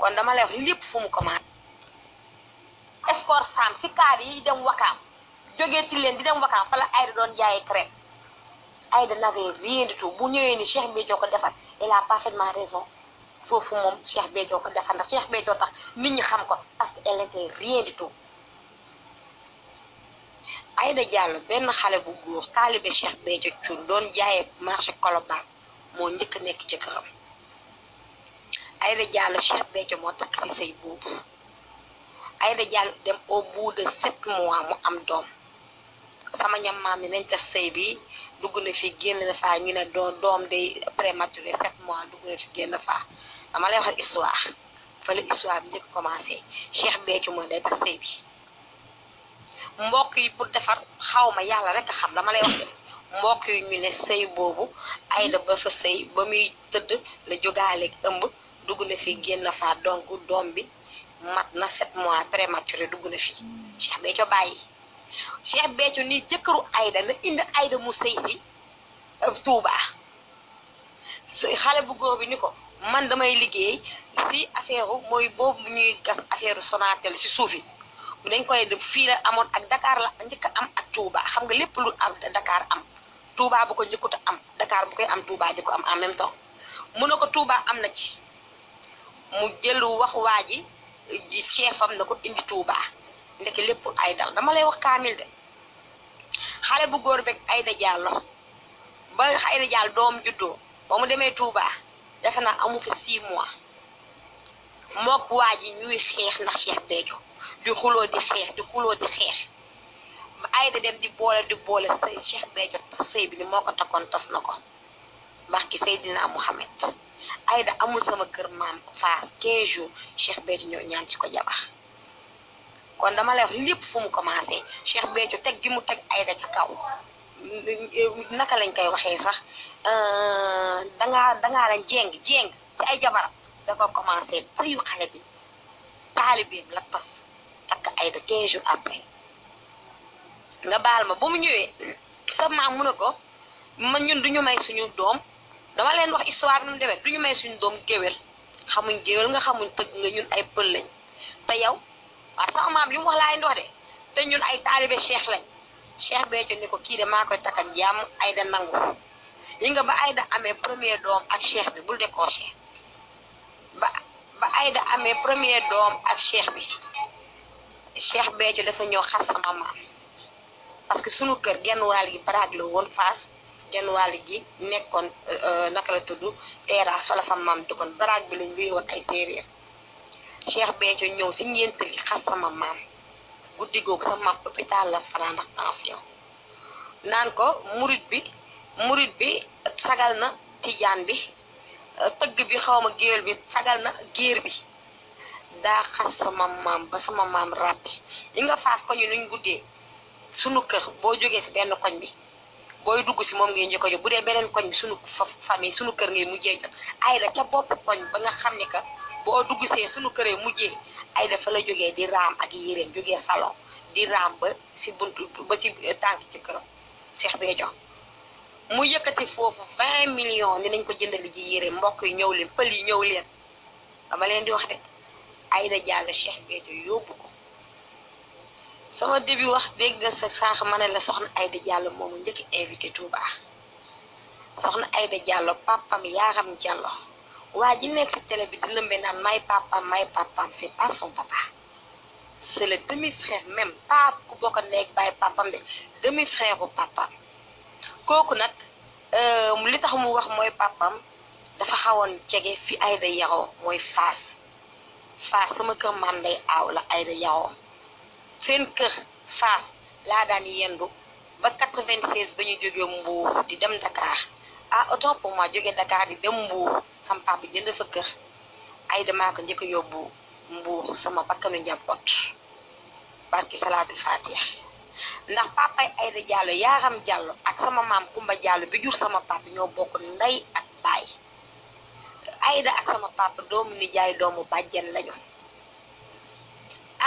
kon dama lay wax lépp fu mu commencé escort sam si kaar yi dem wakaam jógee ci leen di dem wakaam fala Aïda doon jaayee crème Aïda n'avait rien du bu ñëwee ni Cheikh Béthio ko defar il a parfaitement raison foofu moom Cheikh Béthio ko defar ndax Cheikh Béthio tax nit xam ko parce que elle n'était rien du tout Aïda benn xale bu góor taalibe Cheikh Béthio Thioune doon jaayee marché Colobane moo njëkk nekk ci këram Aïda Diallo Cheikh Béthio moo takk ci sëy boobu Aïda Diallo dem au bout de mois mu am doom sama ñam maam ni nañ ca sëy bi dugg na fi génn na faa ñu ne doom day prématuré sept mois dugg na fi génn faa dama lay waxal histoire fa la histoire bi njëkk commencé Cheikh Béthio mooy day takk sëy bi mbokk yi pour defar xaw ma yàlla rek xam dama lay wax mbokk yi ñu ne sëy boobu Aïda ba fa sëy ba muy tëdd la jógaaleeg ëmb dugg na fi génn faa donc doom bi mat na set mois prématuré dugg na fi Cheikh Béthio bàyyi Cheikh Béthio ni jëkkëru ayda na indi Aïda mu sëy si euh, Touba xale bu góor bi ni ko man damay liggéey si affaire mooy boobu ñuy gas affaire Sonatel si suuf yi dañ koy fii la amoon ak Dakar la njëkk am ak Touba xam lépp lu Dakar am Touba bu ko njëkkut am dakaar bu koy am tuubaa di ko am en même temps mu ne ko Touba am na ci mu jëlu wax waa ji ji chefam na ko indi Touba ndeke lépp ay dal dama lay wax kaamil de xale bu góor beeg Aïda Diallo ba Aïda Diallo doom juddoo ba mu demee Touba defe naa amu fa six mois mook waa ji ñuy xeex na Cheikh Béthio di xuloo di xeex di xuloo di xeex ba Aïda dem di boole di boole sëy Cheikh Béthio tas sëy bi ni moo ko takkoon tas na ko mbax ki Seydina Muhammad Aïda amul sama kër maam faas 15 jours Cheikh Béthio ñoo ñaan ci ko jabax kon dama la wax lépp fu mu commencé Cheikh Béthio teg gi mu teg Aïda ci kaw naka lañ koy waxee sax euh, dangaa dangaa la jéng jéng ci ay jabaram da ko commencé sëyu xale bi taalibeem la tas takk Aïda 15 jours après nga baal ma ba mu ñëwee sa maam mu ne ko ma ñun duñu may suñu doom dama leen wax histoire bi nu mu demee du ñu may suñ doom géwél xamuñ géwél nga xamuñ tëgg nga ñun ay pël lañ te yow waaw sama maam li mu wax laa indi de te ñun ay taalibe cheikh lañ cheikh Béthio ni ko kii de maa koy takk ak jàmm Aïda nangu yi nga ba Aïda amee première doom ak cheikh bi bul décoché ba amee premier doom ak cheikh bi cheikh Béthio dafa ñëw xas sama maam parce que sunu kër genn waal gi baraag la woon Fass genn wàll gi nekkoon euh, naka la tudd terrasse fa la sa maam duggoon baraag bi lañ woon ay séeréer Cheikh Béthio ñëw si ngént li xas sama maam guddi googu sa maam hôpital la fanaan tension naan ko murit bi murit bi sagal na tijaan bi euh, tëgg bi xawma géwél bi sagal na géer bi daa xas sama maam ba sama maam ràppi yi nga fas ko ñu nuñ guddee sunu kër boo jógee si benn koñ bi booy dugg si moom ngay njëkk a bu dee beneen koñ bi suñu famille suñu kër ngay mujjee jot ayda ca bopp koñ ba nga xam ne que boo dugg see suñu kër yi mujjee ayda fa la jógee di raam ak yéreem jógee salon di raam ba si buntu ba si eh, tànk ci këram Cheikh Béthio mu yëkkati foofu vingt millions ni nañ ko jëndali ji yére mbokk yi ñëw leen pël yi ñëw leen dama leen di wax de ayda jàll Cheikh Béthio yóbbu ko sama début wax dégg nga sa sànq ma ne la soxna Aida Diallo moomu njëkk invité Touba soxna Aida Diallo papam Yaram Diallo waa ji nekk ci télé bi di lëmbe naan may pàppam may papam c'est pas son papa c'est le demi-frère même pap ku bokk nekk baay papam de demi-frère u papam kooku nag euh, li tax mu wax mooy papam dafa xawoon cege fi Aida yaroo mooy Fass Fass sama kër maam lay aaw la Aida yaroo seen kër faas laa daan yendu ba 96 ba ñu jógee Mbour di dem Dakar ah autant pour moi di dem Mbour sama papa jënd fa kër ay damaa ko njëkk yóbbu Mbour sama bakkanu njaboot barki salaatul fatiha ndax papay Ayda Diallo Yaram Diallo ak sama maam Kumba Diallo bi jur sama papa ñoo bokk ndey ak baay Ayda ak sama papa doomu nijaay doomu bàjjen lañu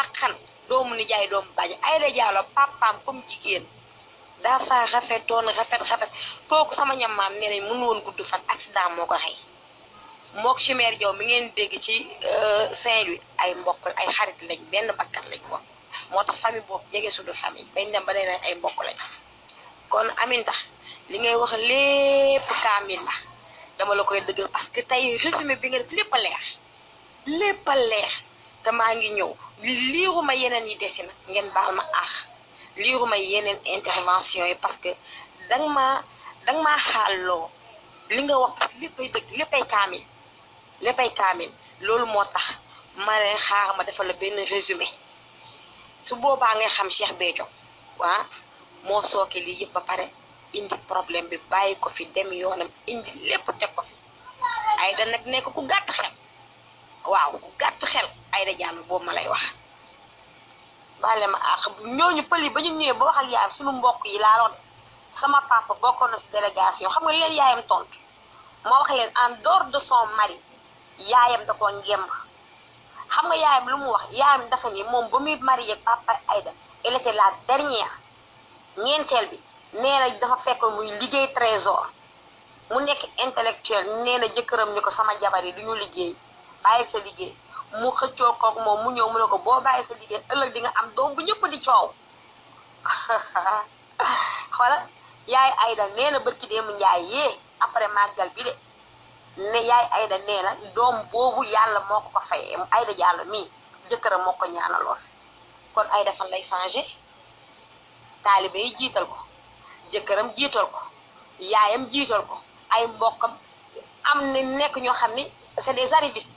ak xan doomu nijaay doomu bàjj Aïda Diallo papaam comme jigéen dafa rafetoon rafet rafet kooku sama ñammaam nee nañ mënu woon gudd fan accident moo ko rey mook chimère jaw mi ngeen dégg ci euh, Saint-Louis ay mbokk ay xarit lañ benn bakkan lañ ko moo tax famille boobu jege suñu famille dañ dem ba nee nañ ay kon Aminta li ngay wax lépp kaamil la dama la koy dëggal parce que tey résumé bi nga def lépp a leer lépp a leer te maa ngi ñëw liiruma yeneen yi desi na ngeen baal ma aax liiruma yeneen intervention yi parce que danga maa danga maa xaalloo li nga wax parce que léppay dëgg léppay kaamil léppay kaamil loolu moo tax ma ne xaar ma defal la benn résumé su boobaa ngay xam Cheikh Béthio waa ah, moo sooke lii yëpp ba pare indi problème bi bàyyi ko fi dem yoonam indi lépp teg ko fi ay da nag nekk ku gàtt xel waaw gàtt xel Aïda Diallo boobu ma lay wax baale ma àq ñooñu pël yi ba ñu ñëwee ba wax ak yaayam suñu mbokk yi laaloo de sama papa bokkoon na si délégation xam nga leen yaayam tontu moo wax leen en dehors de son mari yaayam da koo ngemb xam nga yaayam lu mu wax yaayam dafa ni moom ba muy marié ak papa Aïda elle la dernière ñeenteel bi nee dafa fekk muy liggéey trésor mu nekk intellectuel nee na jëkkëram ni ko sama jabar yi du liggéey bàyyi sa mu xëccoo koog moom mu ñëw mu ne ko boo bàyyi sa liggéey ëllëg di nga am doom bu ñëpp di coow xoola yaay Ayda nee na barki démb njaay yee après màggal bi de ne yaay Ayda nee doom boobu yàlla moo ko ko fay Ayda Diallo mii jëkkëram moo ko ñaanaloon kon Ayda fan lay changé taalibe yi jiital ko jëkkëram jiital ko yaayam jiital ko ay mbokkam am na nekk ñoo xam ni c'est des arrivistes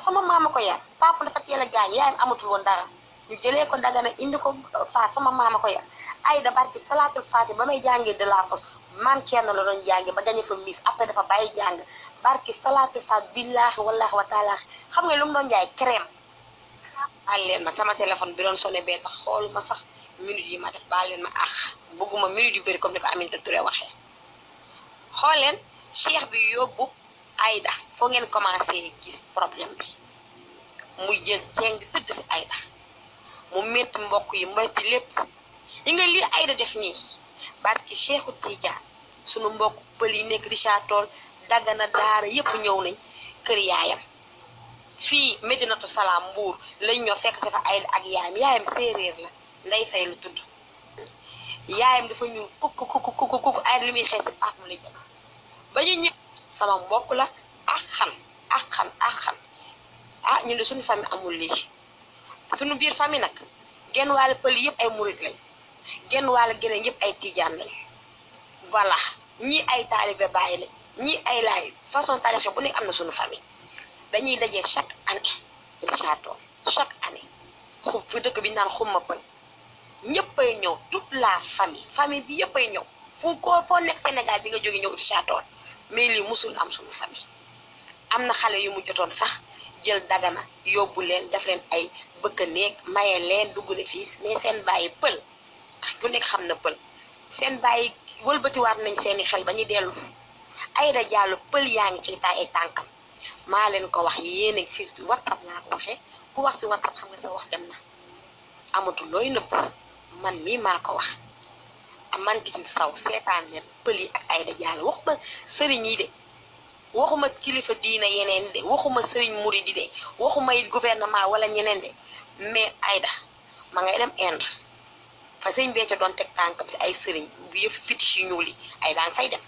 sama maama ko yar papa dafa teel a gaañ yaayam amatul woon dara ñu jëlee ko dagana indi ko euh, fa sama maama ko yar ay da barki salaatul faati ba may jàngee de la la doon jàngee ba gañe fa miis après dafa bàyyi jàng barki salaatul faat billaahi wallaahi wa taalaahi xam nga lu mu doon jaay crème baal leen ma sama téléphone bi doon sonné bee tax xool ma sax minute yi ma def baal leen ma ax ah, bëgguma minute yu bëri comme ni ko Aminata Touré waxee xool leen cheikh bi yóbbu Aïda foo ngeen commencé gis problème bi muy jël jeng tëdd si Aïda mu métti mbokk yi métti lépp yi nga lii Aïda def nii barki Cheikhu Tidiane sunu mbokk pël yi nekk Richard dagg Dagana Daara yépp ñëw nañ kër yaayam fii Medinatu Salaam Mbuur lañ ñoo fekk si fa Aïda ak yaayam yaayam séeréer la nday fay lu tudd yaayam dafa ñuul kuk kuk kuk li muy xees si paaf mu la ba ñu ñëw sama mbokk la ak xan ak xan ak xan ah ñun de suñu famille amul lii suñu biir famille nag genn waal pël yëpp ay murit lañ genn wàll geneen yëpp ay tiijaan lañ voilà ñii ay taalibe bàyyi lañ ñii ay laay façon tarixe bu nekk am na suñu famille dañuy dajee chaque année richardoo chaque année xub fi dëkk bi naan xumma pël ñëppay ñëw toute la famille famille bi yëppay ñëw fu ko foo nekk Sénégal bi nga jóge ñëw richardoo mais lii musul am suñu famille am na xale yu mu jotoon sax jël dagana yóbbu leen def leen ay bëkk néeg maye leen dugg ne fiis mais seen bàyyi pël ndax nekk xam na pël seen bàyyi wëlbatiwaat nañ seeni xel ba ñu dellu Aïda Diallo pël yaa ngi ci taay ay tànkam maa leen ko wax yéen a surtout WhatsApp laa ko waxee ku wax si WhatsApp xam nga sa wax dem na amatu looy nëbb man mii maa ko wax a man Tine Saw seetaan ne pël yi ak Aïda Diallo wax ba sëriñ yi de waxuma kilifa diina yeneen de waxuma sëriñ muridi de waxuma it gouvernement wala ñeneen de mais ayda ma ngay dem Inde fa sëñ Béthio doon teg tànkam si ay sëriñ bu yëf fétiche yu ñuul yi ay fay dem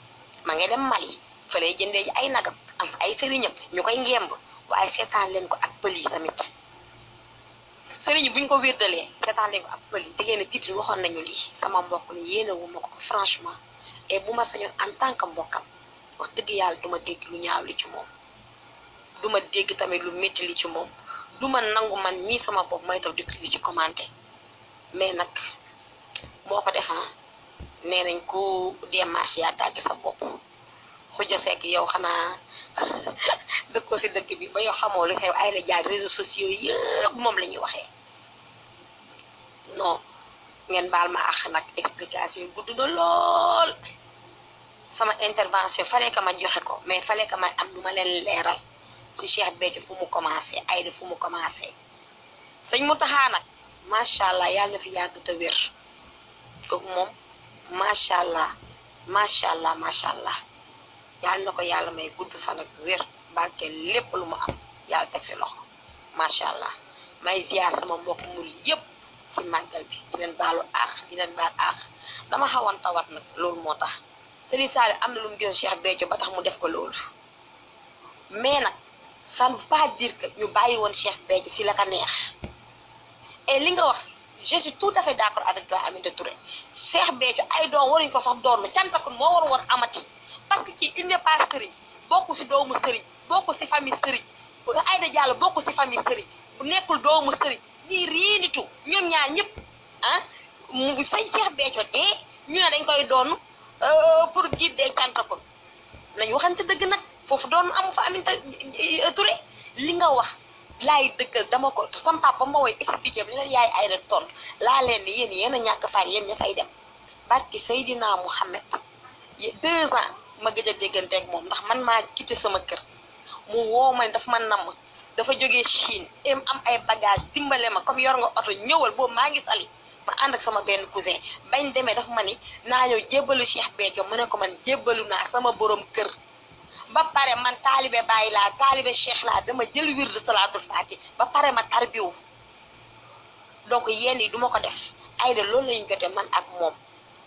ma ngay dem Mali fa lay jëndee ji ay nagam am fa ay sëriñam ñu koy ngemb waaye seetaan leen ko ak pël yi tamit sëriñ buñ ko wérdalee seetaan nañ ko ak pël yi di leen titre waxoon nañu lii sama mbokk ni yéene wu ma ko franchement et bu ma sañoon en tant que mbokkam wax dëgg yàlla duma dégg lu ñaaw li ci moom duma dégg tamit lu métti li ci moom duma nangu man mii sama bopp may taw dikk li ci commenté mais nag moo ko defan ah. nee nañ ku démarche yaa tàggi sa bopp xuja sekk yow xanaa dëkkoo si dëkk bi ba yow xamoo lu xew ay la jaar réseaux sociaux yëpp moom la ñuy waxee no ngeen baal ma àq nag explication yi gudd na lool sama intervention fallait que ma joxe ko mais fallait que ma am nu ma leen leeral si Cheikh Béthio fu mu commencé Aïda fu mu commencé sëñ Mountakha nag macha allah yàlla na fi yàgg te wér kooku moom macha allah macha allah macha allah. yàlla na ko yàlla may gudd fan ak wér barke lépp lu ma am yàlla teg si loxo macha allah may ziar sama mu mul yëpp si màggal bi di leen baalu aax di leen baal aax dama xawoon tawat nag loolu moo tax Serigne Saliou am na lu mu gis Cheikh Béthio ba mu def ko loolu mais nag ça ne veut pas ñu bàyyi woon Cheikh Béthio si la ka neex et li nga wax je suis tout à fait d'accord avec toi Aminata Touré Cheikh Béthio ay doom waruñu ko sax doon canta ko moo war woon amati parce que kii il n'est pas sëriñ bokku si doomu sëriñ bokku si famille sëriñ Aïda bokku si famille sëriñ bu nekkul doomu sëriñ nii riinitu ñoom ñaar ñëpp ah sañ Cheikh Béthio dee ñu ne dañ koy doon euh, pour guide des Thiantacounes nañ waxante dëgg nag foofu doon am fa Aminta euh, Touré li nga wax laay dëggal dama ko sama papa ma woy bi la yaay Aïda tontu laa leen yéen yéen a ñàkk far yéen ña fay dem barki Seydina Mouhamed deux ans ma gëj a déggante ndax man maa quitté sama kër mu woo ma daf ma namm dafa jóge Chine am am ay bagage dimbale ma comme yor a oto ñëwal boobu maa ngi sali ma ànd ak sama benn cousin bañ demee dafa ma ni naa ñëw jébbalu Cheikh Béthio ma ne ko man jébbalu naa sama borom kër ba pare man taalibe bàyyi laa taalibe cheikh laa dama jël wirdu salaatul faati ba pare ma tarbiwu donc yenn yi duma ko def ay de loolu lañu jote man ak moom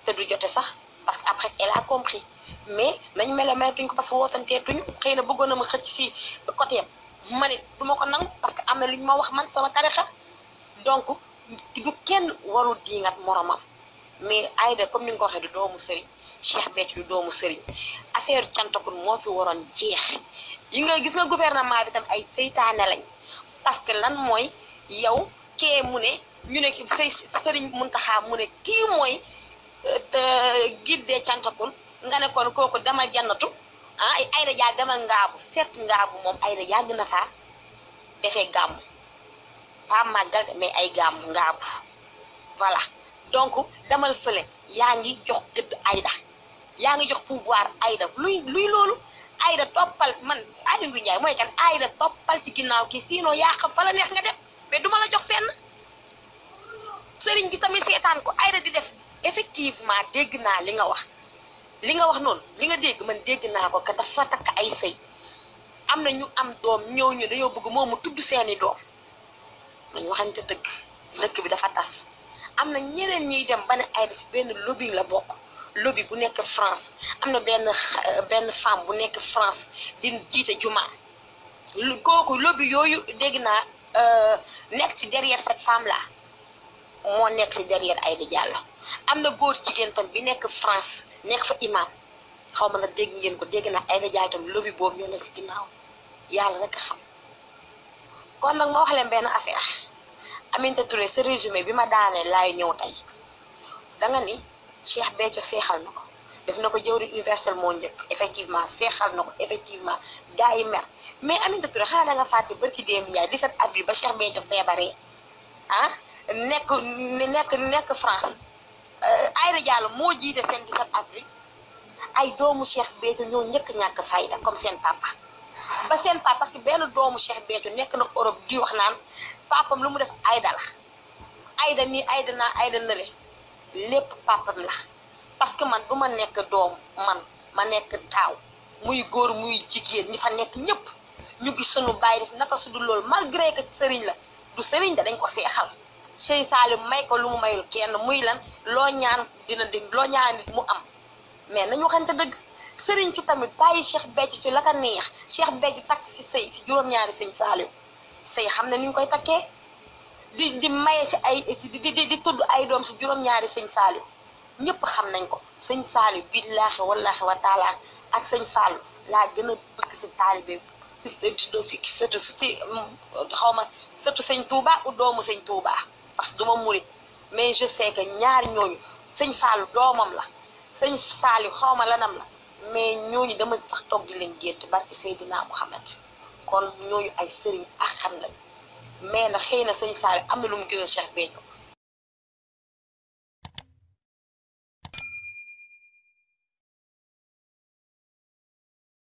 te du jote sax parce que après elle a compris mais nañ mel melatuñ ko parce que wootanteetuñ xëy na bëggoon na ma xëcc si côté man it du ma ko nangu parce que am na lu ñu ma wax man sama tarixa donc du kenn warul diingat moromam mais Aïda comme ni nga ko waxee du doomu sëriñ Cheikh Béthio du doomu sëriñ affaire cantakun moo fi waroon jeex yi nga gis nga gouvernement bi tam ay seytaane lañ parce que lan mooy yow kee mu ne ñu ne ki sëy sëriñ Muntaxa mu ne kii mooy euh, guide des cantakun nga ne kon kooku demal janatu ah ayda jaa demal ngaabu seet ngaabu moom ayda yàgg na faa defee gàmmu pas mais ay gàmmu ngaabu voilà donc demal fële yaa ngi jox gëdd ayda yaa ngi jox pouvoir ayda luy luy loolu ayda toppal man Aly Ngouille Ndiaye mooy kan ayda toppal ci ginnaaw kii sinon yaa xam fa la neex nga dem mais duma la jox fen sëriñ bi tamit seetaan ko ayda di def effectivement dégg naa li nga wax li nga wax noonu li nga dégg man dégg naa ko ka dafa takk ay sëy am na ñu am doom ñëw ñu dañoo bëgg moom mu tudd seeni doom dañu waxante dëgg dëkk bi dafa tas am na ñeneen ñuy dem ba ne Aida si benn lobby la bokk lobby bu nekk France am na benn euh, benn femme bu nekk France di jiite jumaa kooku lobby yooyu dégg naa euh, nekk ci derrière cette femme là moo nekk ci derrière Aida Diallo am na góor jigéen tam bi nekk France nekk fa imam xaw ma na dégg ngeen ko dégg na ay jaay tam lobby boobu ñoo nekk si ginnaaw yàlla rek a xam kon nag ma wax leen benn affaire Aminata Touré sa résumé bi ma daanee laay ñëw tey danga ni Cheikh Béthio seexal na ko def na ko jëwriñ universel moo njëkk effectivement seexal na ko effectivement gars yi mer mais Aminata Touré xanaa da nga fàtte barki déem Ndiaye 17 avril ba Cheikh Béthio feebaree ah nekk nekk nekk France Euh, Aïda Diallo moo jiite seen 17 avril ay doomu Cheikh Béthio ñoo njëkk ñàkk fayda comme seen papa ba seen papa parce que benn doomu Cheikh Béthio nekk na Europe di wax naan papam lu mu def Aïda la Aïda nii Aïda naa Aïda nële lépp papam la parce que man bu ma nekk doom man ma nekk taaw muy góor muy jigéen ñi fa nekk ñëpp ñu gis sunu bàyyi def naka su loolu malgré que sëriñ la du sëriñ la dañ ko seexal sëñ Salim may ko lu mu mayul kenn muy lan loo ñaan dina di loo ñaan nit mu am mais nañu waxante dëgg sëriñ si tamit bàyyi Cheikh Béthio ci la ka neex Cheikh Béthio takk si sëy si juróom-ñaari sëñ Salim sëy xam ne ni ñu koy takkee di di maye si ay di di di tudd ay doom si juróom sëñ Salim ñëpp xam nañ ko sëñ Salim billaahi wallaahi wa taala ak sëñ Fallou laa gën a bëgg si taalibe si si si si si xaw ma sëtu sëñ Touba u doomu sëñ Touba. parce que du ma murit mais je sais que ñaari ñooñu sëñ Fallou doomam la sëñ Saliou xawma lanam la mais ñooñu dama togg lañ di leen gént barki Seydina Muhammad kon ñooñu ay sëriñ ak xam lañ mais na xëy na sëñ Saliou am na lu mu gënal Cheikh Béthio